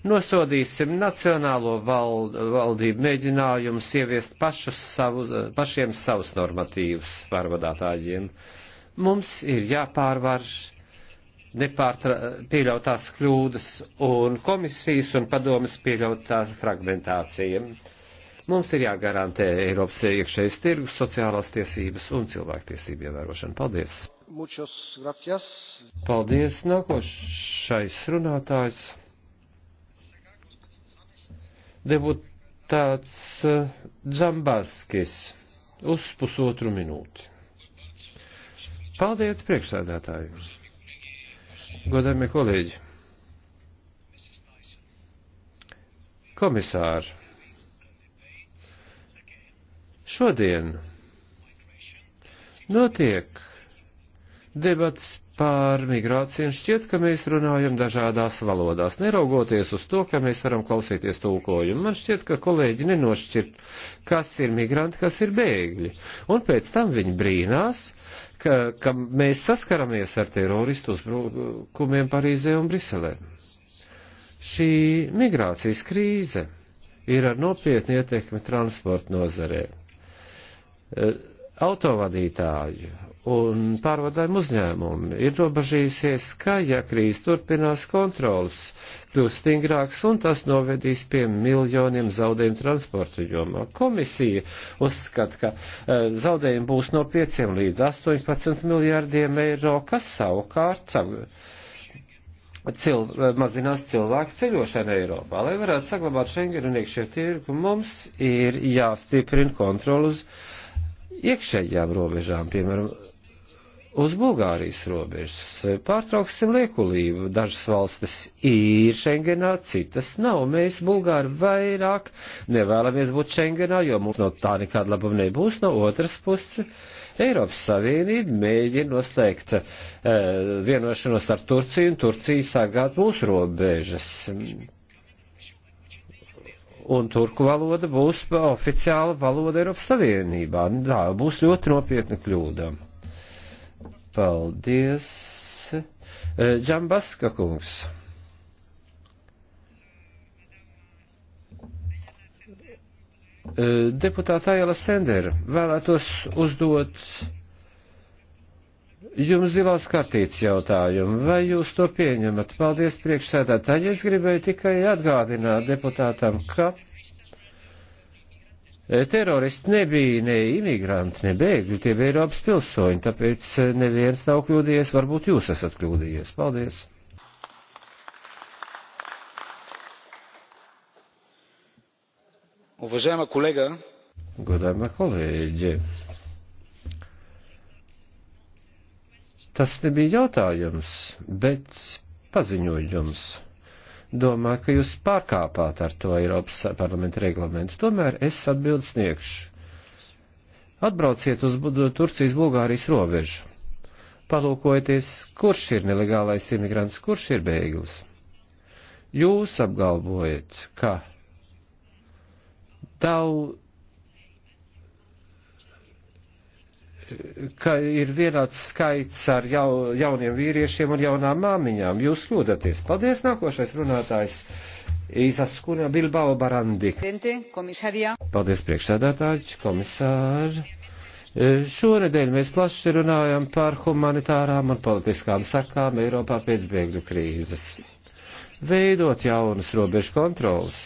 nosodīsim nacionālo vald, valdību mēģinājumus ieviest pašus savu, pašiem savus normatīvus pārvadātājiem. Uh, Mums ir jāpārvar pieļautās kļūdas un komisijas un padomas pieļautās fragmentācija. Mums ir jāgarantē Eiropas iekšējais tirgus, sociālās tiesības un cilvēktiesību ievērošana. Paldies! Muchos gracias! Paldies! Nākošais runātājs. Deputāts Džambaskis uz pusotru minūti. Paldies, priekšsēdētāji! Godājumie kolēģi! Komisāri! Šodien notiek debats par migrāciju, un šķiet, ka mēs runājam dažādās valodās, neraugoties uz to, ka mēs varam klausīties tulkojumu. Man šķiet, ka kolēģi nenošķir, kas ir migranti, kas ir bēgļi, un pēc tam viņi brīnās, ka, ka mēs saskaramies ar teroristu uzbrukumiem Parīzē un Briselē. Šī migrācijas krīze ir ar nopietnu ietekmi transporta nozarē. Eh, autovadītāji un pārvadājumu uzņēmumi ir robežījusies, ka, ja krīze turpinās, kontrols kļūs stingrāks un tas novedīs pie miljoniem zaudējumu transporta jomā. Komisija uzskata, ka uh, zaudējumi būs no 5 līdz 18 miljārdiem eiro, kas savukārt cil, mazinās cilvēku ceļošanu Eiropā. Lai varētu saglabāt Schengen un iekšē tirgu, mums ir jāstiprina kontrolus iekšējām robežām, piemēram, uz Bulgārijas robežas. Pārtrauksim liekulību. Dažas valstis ir Schengenā, citas nav. Mēs, Bulgāri, vairāk nevēlamies būt Schengenā, jo mums no tā nekāda labuma nebūs. No otras puses, Eiropas Savienība mēģina noslēgt e, vienošanos ar Turciju un Turcija sagāt mūsu robežas. Un turku valoda būs oficiāla valoda Eiropas Savienībā. Tā būs ļoti nopietna kļūda. Paldies. E, Džambaska kungs. E, deputāta Aila Sendera vēlētos uzdot jums zilās kartītes jautājumu. Vai jūs to pieņemat? Paldies priekšsēdētāji. Es gribēju tikai atgādināt deputātam, ka E, teroristi nebija ne imigranti, ne bēgļi, tie bija Eiropas pilsoņi, tāpēc e, neviens nav kļūdījies, varbūt jūs esat kļūdījies. Paldies! Уважаема колега, Godājumā kolēģi, tas nebija jautājums, bet paziņojums domā, ka jūs pārkāpāt ar to Eiropas parlamenta reglamentu. Tomēr es atbildu sniegšu. Atbrauciet uz Turcijas Bulgārijas robežu. Palūkojieties, kurš ir nelegālais imigrants, kurš ir bēglis. Jūs apgalvojat, ka daudz ka ir vienāds skaits ar jau, jauniem vīriešiem un jaunām māmiņām. Jūs kļūdaties. Paldies, nākošais runātājs. Izaskuna Bilbao Barandi. Paldies, priekšsēdētāji, komisāri. E, šonedēļ mēs plaši runājam par humanitārām un politiskām sakām Eiropā pēc bēgļu krīzes. Veidot jaunas robežu kontrolas.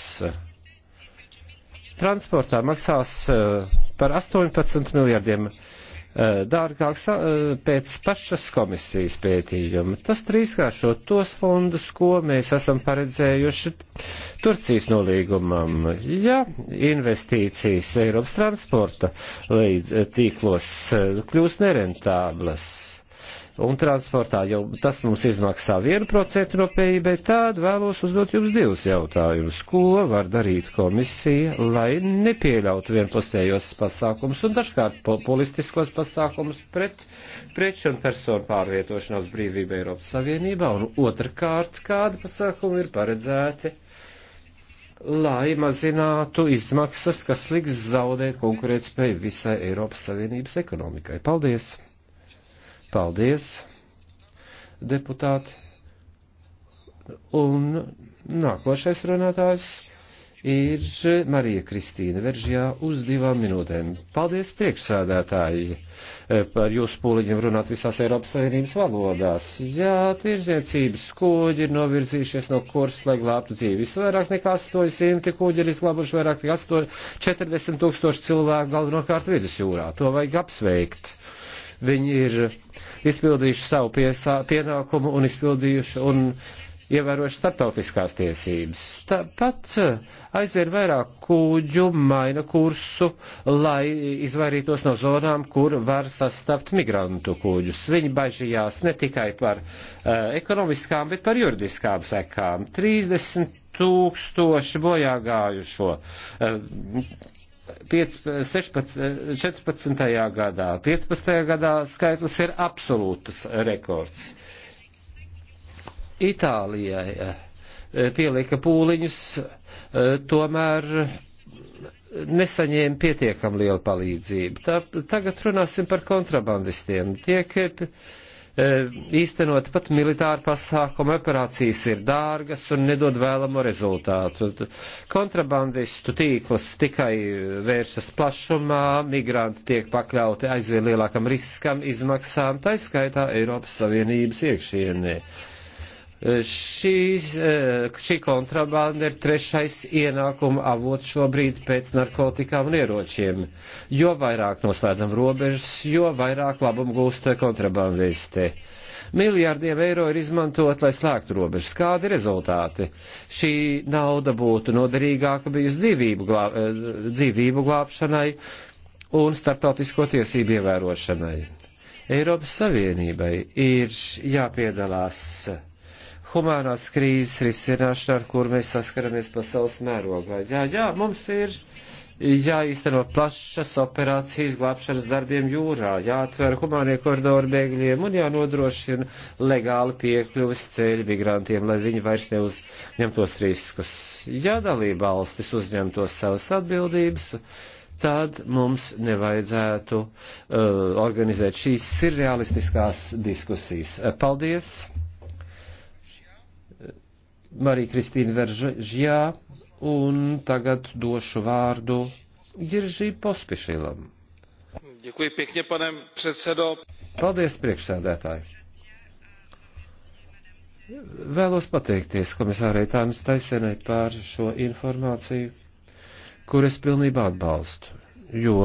Transportā maksās e, par 18 miljardiem eiro Eh, dārgāks eh, pēc pašas komisijas pētījuma. Tas trīskāršo tos fondus, ko mēs esam paredzējuši Turcijas nolīgumam. Ja investīcijas Eiropas transporta līdz eh, tīklos kļūs nerentāblas, un transportā, jo tas mums izmaksā 1% no PIB, tad vēlos uzdot jums divus jautājumus. Ko var darīt komisija, lai nepieļautu vienpusējos pasākumus un dažkārt populistiskos pasākumus pret preču un personu pārvietošanās brīvību Eiropas Savienībā, un otrkārt, kādi pasākumi ir paredzēti? lai mazinātu izmaksas, kas liks zaudēt konkurētspēju visai Eiropas Savienības ekonomikai. Paldies! Paldies, deputāti. Un nākošais runātājs ir Marija Kristīna Veržjā uz divām minūtēm. Paldies priekšsādātāji par jūsu pūliņiem runāt visās Eiropas Savienības valodās. Jā, tirzniecības kuģi ir novirzījušies no kursa, lai glābtu dzīvis. Vairāk nekā 800 kuģi ir izglābuši vairāk nekā 40 tūkstoši cilvēku galvenokārt vidusjūrā. To vajag apsveikt. Viņi ir izpildījuši savu piesā, pienākumu un izpildījuši un ievērojuši starptautiskās tiesības. Tāpat eh, aizvien vairāk kūģu maina kursu, lai izvairītos no zonām, kur var sastapt migrantu kūģus. Viņi bažījās ne tikai par uh, ekonomiskām, bet par juridiskām sekām. 30 tūkstoši bojā gājušo. Uh, 5, 16, 14. gadā. 15. gadā skaitlis ir absolūts rekords. Itālijai eh, pielika pūliņus, eh, tomēr nesaņēma pietiekam lielu palīdzību. Tā, tagad runāsim par kontrabandistiem. Tiek E, īstenot pat militāru pasākumu operācijas ir dārgas un nedod vēlamo rezultātu. Kontrabandistu tīklas tikai vēršas plašumā, migranti tiek pakļauti aizvien lielākam riskam, izmaksām, taiskaitā Eiropas Savienības iekšienē. Šīs, eh, šī kontrabanda ir trešais ienākuma avots šobrīd pēc narkotikām un ieročiem. Jo vairāk noslēdzam robežas, jo vairāk labumu gūst kontrabandistē. Miljārdiem eiro ir izmantot, lai slēgtu robežas. Kādi rezultāti? Šī nauda būtu noderīgāka bijusi dzīvību, glā, eh, dzīvību glābšanai un starptautisko tiesību ievērošanai. Eiropas Savienībai ir jāpiedalās humānās krīzes risināšana, ar kur mēs saskaramies pasaules mērogā. Jā, jā, mums ir jāīsteno plašas operācijas glābšanas darbiem jūrā, jāatver humānie koridori bēgļiem un jānodrošina legāli piekļuvis ceļu migrantiem, lai viņi vairs neuzņemtos riskus. Ja dalība valstis uzņemtos savas atbildības, tad mums nevajadzētu uh, organizēt šīs surrealistiskās diskusijas. Paldies! Marija Kristīna Veržjā, un tagad došu vārdu Jirži Pospišilam. Děkuji pěkně, pane předsedo. Paldies, priekšsēdētāji. Vēlos pateikties komisārai Tānas Taisenai par šo informāciju, kur es pilnībā atbalstu, jo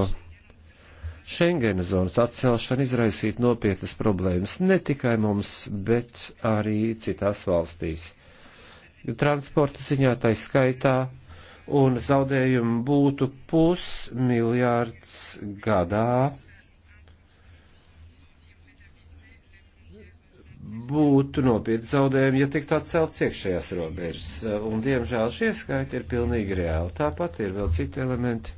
Schengena zonas atcelšana izraisītu nopietnas problēmas ne tikai mums, bet arī citās valstīs transporta ziņā tai skaitā, un zaudējumi būtu pusmiljārds gadā. Būtu nopietni zaudējumi, ja tiktu atcelts iekšējās robežas, un diemžēl šie skaiti ir pilnīgi reāli. Tāpat ir vēl citi elementi.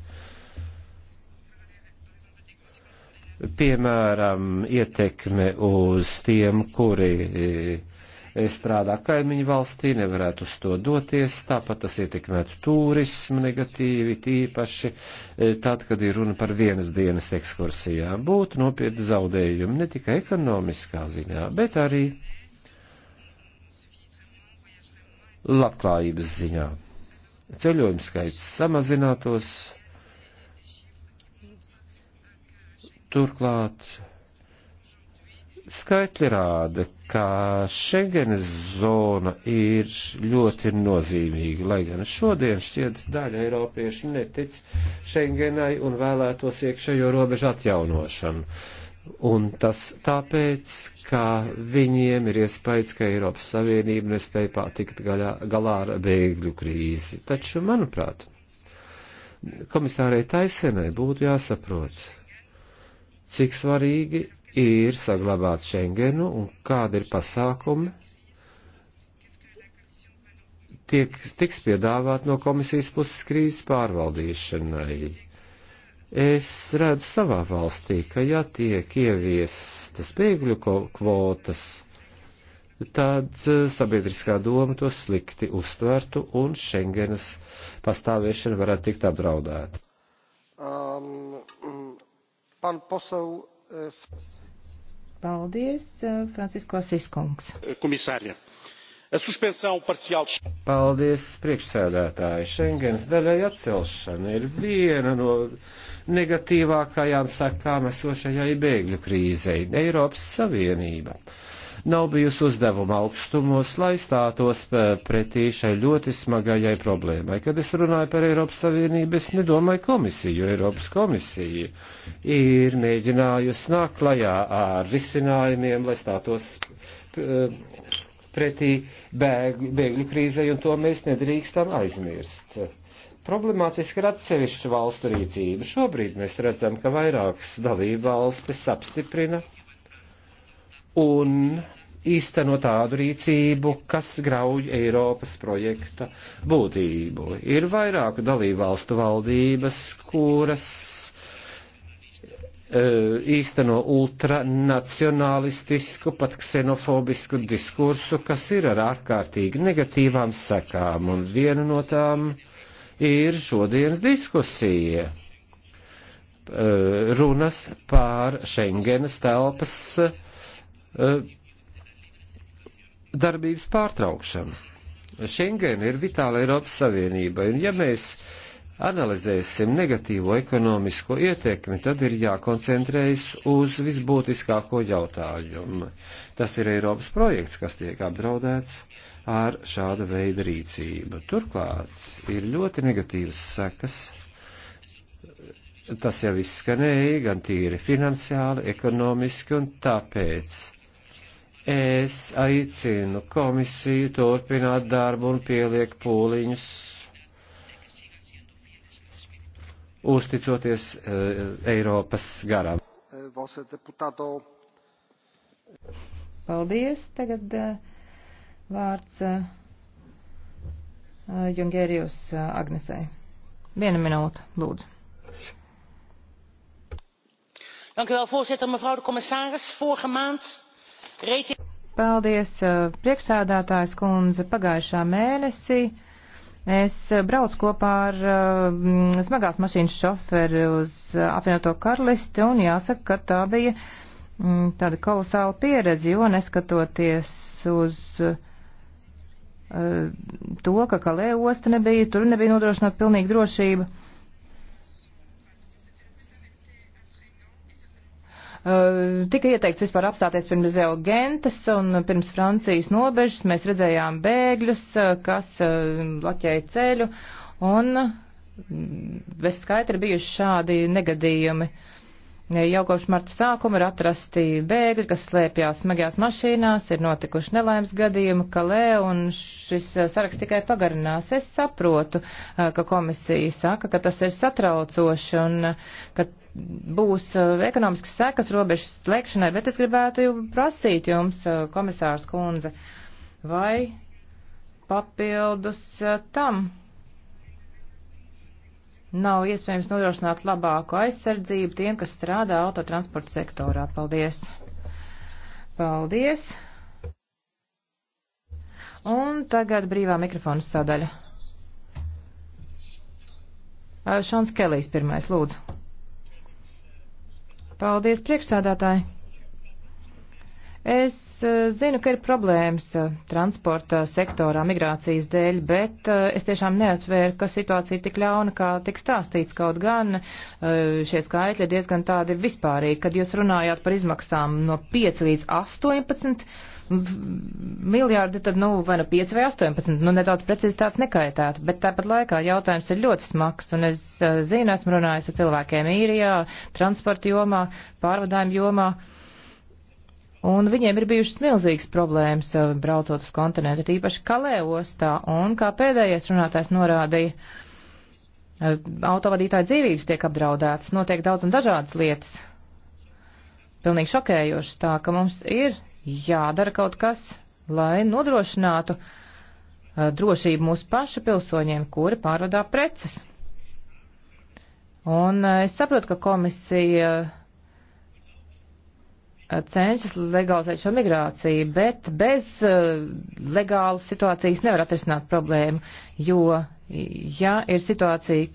Piemēram, ietekme uz tiem, kuri strādā kaimiņu valstī, nevarētu uz to doties, tāpat tas ietekmētu turismu negatīvi, tīpaši e, tad, kad ir runa par vienas dienas ekskursijām. Būtu nopietni zaudējumi ne tikai ekonomiskā ziņā, bet arī labklājības ziņā. Ceļojuma skaits samazinātos, turklāt skaitļi rāda, ka Schengenes zona ir ļoti nozīmīga, lai gan šodien šķiet daļa eiropiešu netic Schengenai un vēlētos iekšējo robežu atjaunošanu. Un tas tāpēc, ka viņiem ir iespējas, ka Eiropas Savienība nespēja patikt gaļā, galā ar bēgļu krīzi. Taču, manuprāt, komisārai Taisenai būtu jāsaprot, cik svarīgi ir saglabāt Schengenu un kāda ir pasākumi, tiek, tiks piedāvāt no komisijas puses krīzes pārvaldīšanai. Es redzu savā valstī, ka ja tiek ieviestas bēgļu kvotas, tad eh, sabiedriskā doma to slikti uztvertu un Schengenas pastāvēšana varētu tikt apdraudēta. Um, um, pan posel, uh... E, Paldies, eh, Francisko Siskungs. Komisārija. Eh, Paldies, priekšsēdētāji. Šengens daļai atcelšana ir viena no negatīvākajām sakām esošajai bēgļu krīzei. Eiropas Savienība nav bijusi uzdevuma augstumos, lai stātos pretī šai ļoti smagajai problēmai. Kad es runāju par Eiropas Savienību, es nedomāju komisiju, jo Eiropas komisija ir mēģinājusi nākt klajā ar risinājumiem, lai stātos pretī bēgļu, bēgļu krīzei, un to mēs nedrīkstam aizmirst. Problemātiski ir atsevišķu valstu rīcība. Šobrīd mēs redzam, ka vairākas dalība valstis apstiprina uh, un īsteno tādu rīcību, kas grauj Eiropas projekta būtību. Ir vairāku dalībvalstu valdības, kuras e, īsteno ultranacionālistisku, pat ksenofobisku diskursu, kas ir ar ārkārtīgi negatīvām sekām, un viena no tām ir šodienas diskusija. E, runas pār Schengenas telpas Eh, darbības pārtraukšanu. Schengen ir vitāla Eiropas Savienība, un ja mēs analizēsim negatīvo ekonomisko ietekmi, tad ir jākoncentrējas uz visbūtiskāko jautājumu. Tas ir Eiropas projekts, kas tiek apdraudēts ar šāda veida rīcību. Turklāt ir ļoti negatīvas sekas. Tas jau izskanēja gan tīri finansiāli, ekonomiski un tāpēc Es aicinu komisiju turpināt darbu un pieliek pūliņus, uzticoties eh, Eiropas garam. Paldies. Tagad eh, vārds eh, Jungērijus Agnesai. Viena minūte, lūdzu voorzitter mevrouw de commissaris vorige maand. Paldies, eh, priekšsēdātājs kundze. Pagājušā mēnesī es eh, braucu kopā ar eh, smagās mašīnas šoferi uz apvienoto karalisti un jāsaka, ka tā bija tāda kolosāla pieredze, jo neskatoties uz to, ka Kalē osta nebija, tur nebija nodrošināta pilnīga drošība. Eh, tika ieteikts vispār apstāties pirms jau Gentes un pirms Francijas nobežas. Mēs redzējām bēgļus, eh, kas eh, bloķēja ceļu, un mm, bez skaidra bijuši šādi negadījumi. Uh, Jau kopš marta sākuma ir atrasti bēgļi, kas slēpjās smagajās mašīnās, ir notikuši nelaimes gadījumi, kalē, un šis eh, saraksts tikai pagarinās. Es saprotu, eh, ka komisija saka, ka tas ir satraucoši un eh, ka būs ekonomiskas sekas robežas slēgšanai, bet es gribētu prasīt jums, komisārs Kunze, vai papildus tam nav iespējams nodrošināt labāku aizsardzību tiem, kas strādā autotransporta sektorā. Paldies! Paldies! Un tagad brīvā mikrofona sadaļa. Šons Kelijs pirmais, lūdzu. Paldies, priekšsādātāji! Es eh, zinu, ka ir problēmas eh, transporta sektorā migrācijas dēļ, bet eh, es tiešām neatvēru, ka situācija tik ļauna, kā tik stāstīts. Kaut gan šie skaitļi diezgan tādi vispārīgi, kad jūs runājāt par izmaksām no 5 līdz 18 miljārdi, tad, nu, vai nu 5 vai 18, nu, nedaudz precīzi tāds nekaitētu, bet tāpat laikā jautājums ir ļoti smags, un es zinu, esmu runājis ar cilvēkiem īrijā, transporta jomā, pārvadājuma jomā. Uh, Un viņiem ir bijušas milzīgas problēmas eh, braucot uz kontinentu, tīpaši Kalē ostā. Un kā pēdējais runātājs norādīja, eh, autovadītāja dzīvības tiek apdraudētas, notiek daudz un dažādas lietas. Pilnīgi šokējošas tā, ka mums ir jādara kaut kas, lai nodrošinātu eh, drošību mūsu pašu pilsoņiem, kuri pārvadā preces. Un es saprotu, ka komisija Eh, cenšas legalizēt šo migrāciju, bet bez eh, legālas situācijas nevar atrisināt problēmu, jo, ja ir situācija,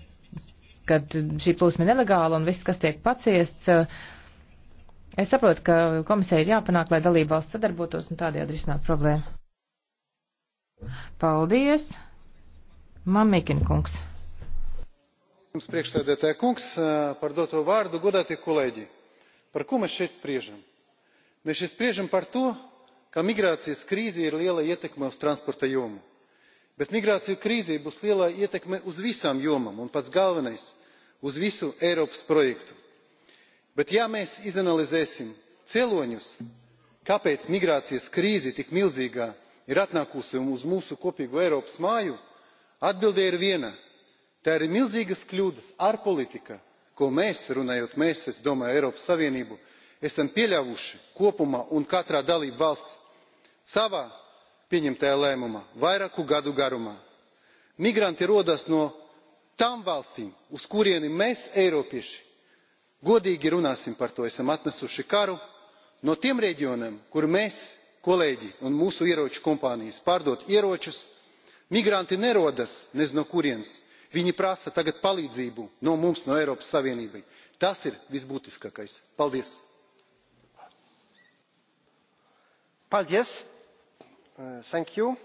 kad šī plūsma ir nelegāla un viss, kas tiek paciests, eh, es saprotu, ka komisija ir jāpanāk, lai dalībvalsts sadarbotos un tādējādi risināt problēmu. Paldies! Mamikin kungs. Jums priekšsēdētāja kungs par doto vārdu godātie kolēģi. Par ko mēs šeit spriežam? mēs šeit spriežam par to ka migrācijas krīzei ir liela ietekme uz transporta jomu bet migrāciju krīzei būs liela ietekme uz visām jomām un pats galvenais uz visu eiropas projektu. bet ja mēs izanalizēsim cēloņus kāpēc migrācijas krīze tik milzīga ir atnākusi uz mūsu kopīgo eiropas māju atbilde ir viena tā ir milzīgas kļūdas ārpolitika ko mēs runājot par mēs es domāju eiropas savienību esam pieļāvuši kopumā un katra dalībvalsts savā pieņemtajā lēmumā vairāku gadu garumā. migranti rodas no tām valstīm uz kurieni mēs eiropieši godīgi runāsim par to esam atnesuši karu no tiem reģioniem kur mēs kolēģi un mūsu ieroču kompānijas pārdod ieročus. migranti nerodas nezinu no kurienes viņi prasa tagad palīdzību no mums no eiropas savienības. tas ir visbūtiskākais. paldies! Paldies! Uh, thank you!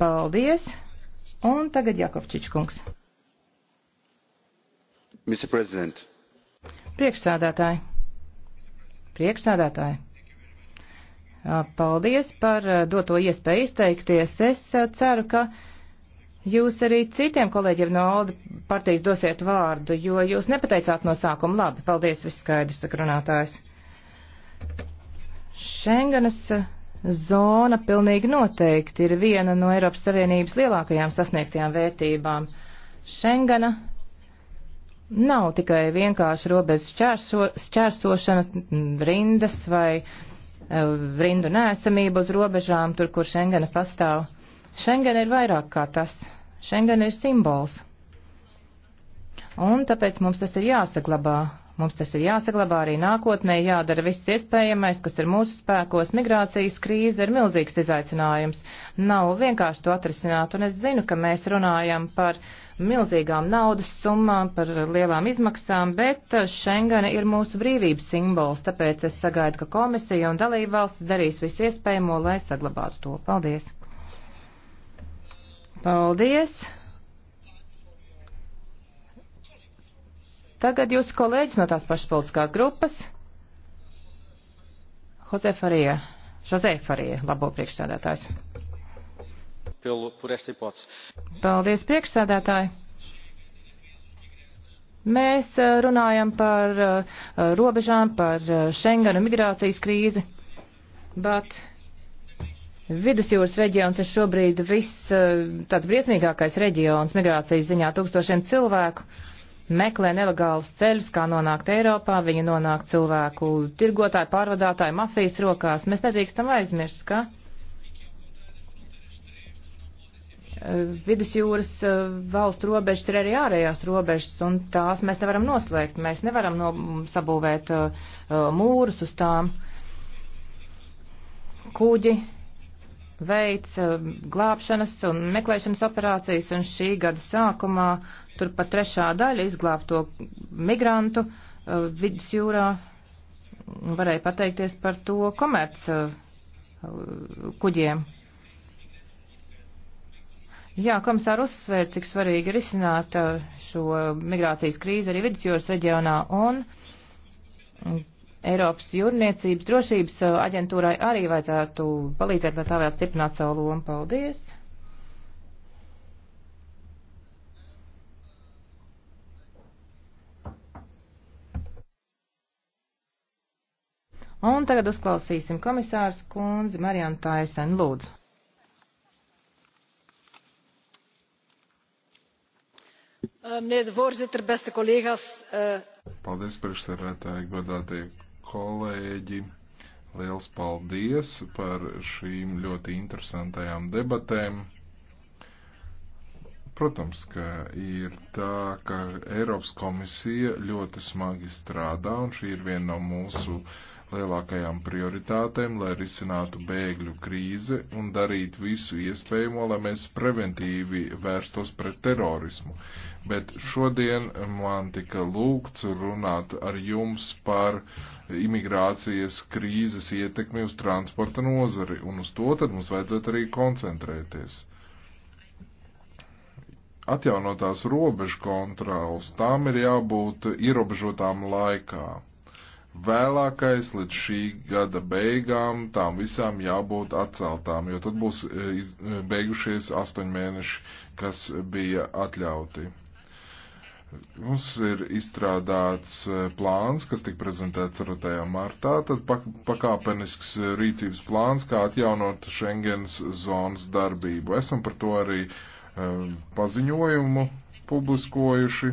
Paldies! Un tagad Jakovčič kungs. Mr. President. Priekšsādātāji. Priekšsādātāji. Uh, paldies par uh, doto iespēju izteikties. Es ceru, ka jūs arī citiem kolēģiem no Aldi partijas dosiet vārdu, jo jūs nepateicāt no sākuma labi. Paldies, viss skaidrs, sakrunātājs. Šengenas eh, zona pilnīgi noteikti ir viena no Eiropas Savienības lielākajām sasniegtajām vērtībām. Šengana nav tikai vienkārši robežas šķērso, šķērsošana, rindas vai eh, rindu nēsamība uz robežām, tur, kur Šengana pastāv. Šengana ir vairāk kā tas. Šengana ir simbols. Un tāpēc mums tas ir jāsaglabā Mums tas ir jāsaglabā arī nākotnē, jādara viss iespējamais, kas ir mūsu spēkos. Migrācijas krīze ir milzīgs izaicinājums. Nav vienkārši to atrisināt, un es zinu, ka mēs runājam par milzīgām naudas summām, par lielām izmaksām, bet Schengena ir mūsu brīvības simbols, tāpēc es sagaidu, ka komisija un dalība valsts darīs visu iespējamo, lai saglabātu to. Paldies! Paldies! Tagad jūsu kolēģis no tās pašas politiskās grupas. Jose Farija. Jose Farija, labo priekšsēdētājs. Paldies, priekšsēdētāji. Mēs eh, runājam par eh, robežām, par eh, Schengenu migrācijas krīzi, bet Vidusjūras reģions ir šobrīd viss tāds briesmīgākais reģions migrācijas ziņā tūkstošiem cilvēku. Uh, meklē nelegālus ceļus, kā nonākt Eiropā, viņi nonāk cilvēku tirgotāju, pārvadātāju, mafijas rokās. Mēs nedrīkstam aizmirst, ka e, vidusjūras e, valstu robežas ir arī ārējās robežas, un tās mēs nevaram noslēgt. Mēs nevaram no, sabūvēt uh, mūrus uz tām. Kūģi veids uh, glābšanas un meklēšanas operācijas, un šī gada sākumā tur pat trešā daļa izglābto migrantu uh, vidusjūrā varēja pateikties par to komerc uh, kuģiem. Jā, komisār uzsvēr, cik svarīgi ir izsināt uh, šo migrācijas krīzi arī vidusjūras reģionā un Eiropas jūrniecības drošības aģentūrai arī vajadzētu palīdzēt, lai tā vēl stiprinātu savu lomu. Paldies! Un tagad uzklausīsim komisārs kundzi Marianu Taisenu. Lūdzu. Eh, eh. Paldies, priekšsēdētāji, godātie kolēģi. Liels paldies par šīm ļoti interesantajām debatēm. Protams, ka ir tā, ka Eiropas komisija ļoti smagi strādā, un šī ir viena no mūsu uh, lielākajām prioritātēm, lai risinātu bēgļu krīze un darītu visu iespējamo, lai mēs preventīvi vērstos pret terorismu. Bet šodien man tika lūgts runāt ar jums par imigrācijas krīzes ietekmi uz transporta nozari, un uz to tad mums vajadzētu arī koncentrēties. Atjaunotās robežu kontrols, tām ir jābūt ierobežotām laikā Vēlākais līdz šī gada beigām tām visām jābūt atceltām, jo tad būs e, e, beigušies astoņi mēneši, kas bija atļauti. Mums ir izstrādāts e, plāns, kas tika prezentēts 4. martā, tad pakāpenisks rīcības plāns, kā atjaunot Schengens zonas darbību. Esam par to arī paziņojumu publiskojuši.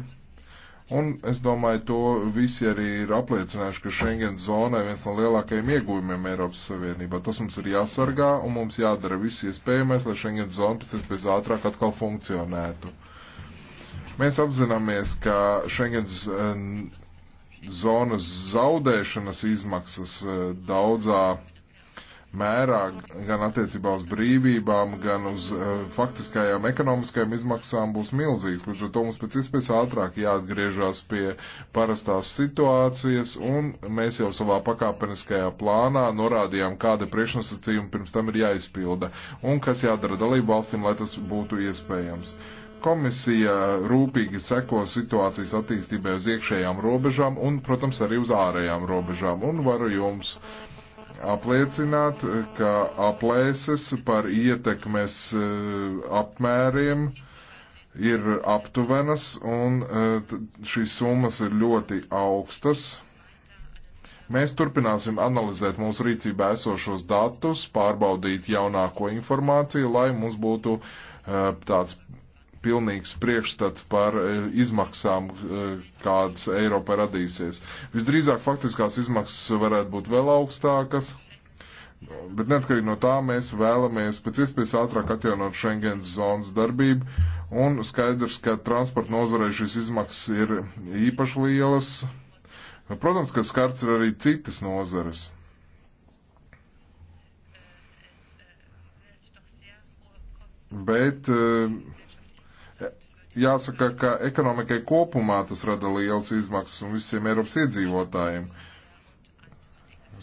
Un es domāju, to visi arī ir apliecinājuši, ka Schengen zona ir viens no lielākajiem iegūmiem Eiropas Savienībā. Tas mums ir jāsargā un mums jādara viss iespējamais, lai Schengen zona pēc iespējas ātrāk atkal funkcionētu. Mēs apzināmies, ka Schengen zonas zaudēšanas izmaksas eh, daudzā mērā gan attiecībā uz brīvībām, gan uz uh, faktiskajām ekonomiskajām izmaksām būs milzīgs. Līdz ar to mums pēc iespējas ātrāk jāatgriežas pie parastās situācijas, un mēs jau savā pakāpeniskajā plānā norādījām, kāda priekšnosacījuma pirms tam ir jāizpilda, un kas jādara dalību valstīm, lai tas būtu iespējams. Komisija rūpīgi seko situācijas attīstībai uz iekšējām robežām un, protams, arī uz ārējām robežām, un varu jums uh, apliecināt, eh, ka aplēses par ietekmes eh, apmēriem ir aptuvenas un eh, šīs summas ir ļoti augstas. Mēs turpināsim analizēt mūsu rīcībā esošos datus, pārbaudīt jaunāko informāciju, lai mums būtu tāds pilnīgs priekšstats par e, izmaksām, e, kādas Eiropa radīsies. Visdrīzāk faktiskās izmaksas varētu būt vēl augstākas, bet neatkarīgi no tā mēs vēlamies pēc iespējas ātrāk atjaunot Schengens zonas darbību, un skaidrs, ka transporta nozarei šīs izmaksas ir īpaši lielas. Protams, ka skarts ir arī citas nozares. bet e, jāsaka, ka ekonomikai kopumā tas rada liels izmaksas un visiem Eiropas iedzīvotājiem.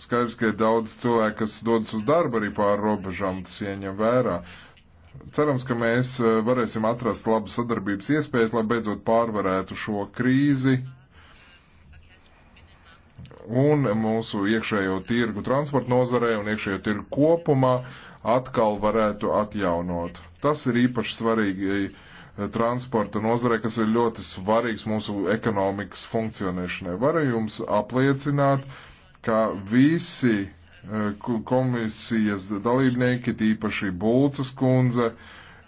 Skaidrs, ka ir daudz cilvēku, kas dodas uz darbu arī pāri robežām, tas ieņem vērā. Cerams, ka mēs eh, varēsim atrast labu sadarbības iespējas, lai beidzot pārvarētu šo krīzi un mūsu iekšējo tirgu transporta nozarē un iekšējo tirgu kopumā atkal varētu atjaunot. Tas ir īpaši svarīgi transporta nozarē, kas ir ļoti svarīgs mūsu ekonomikas funkcionēšanai. Varu jums apliecināt, ka visi e, komisijas dalībnieki, tīpaši Bulcas kundze,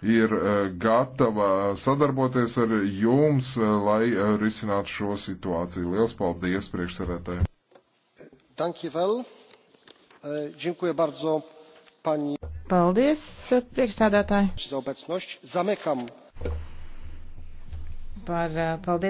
ir e, gatava sadarboties ar jums, e, lai risinātu šo situāciju. Lielas paldies priekšsarētāji! Paldies, priekšsēdētāji! par eh, paldies.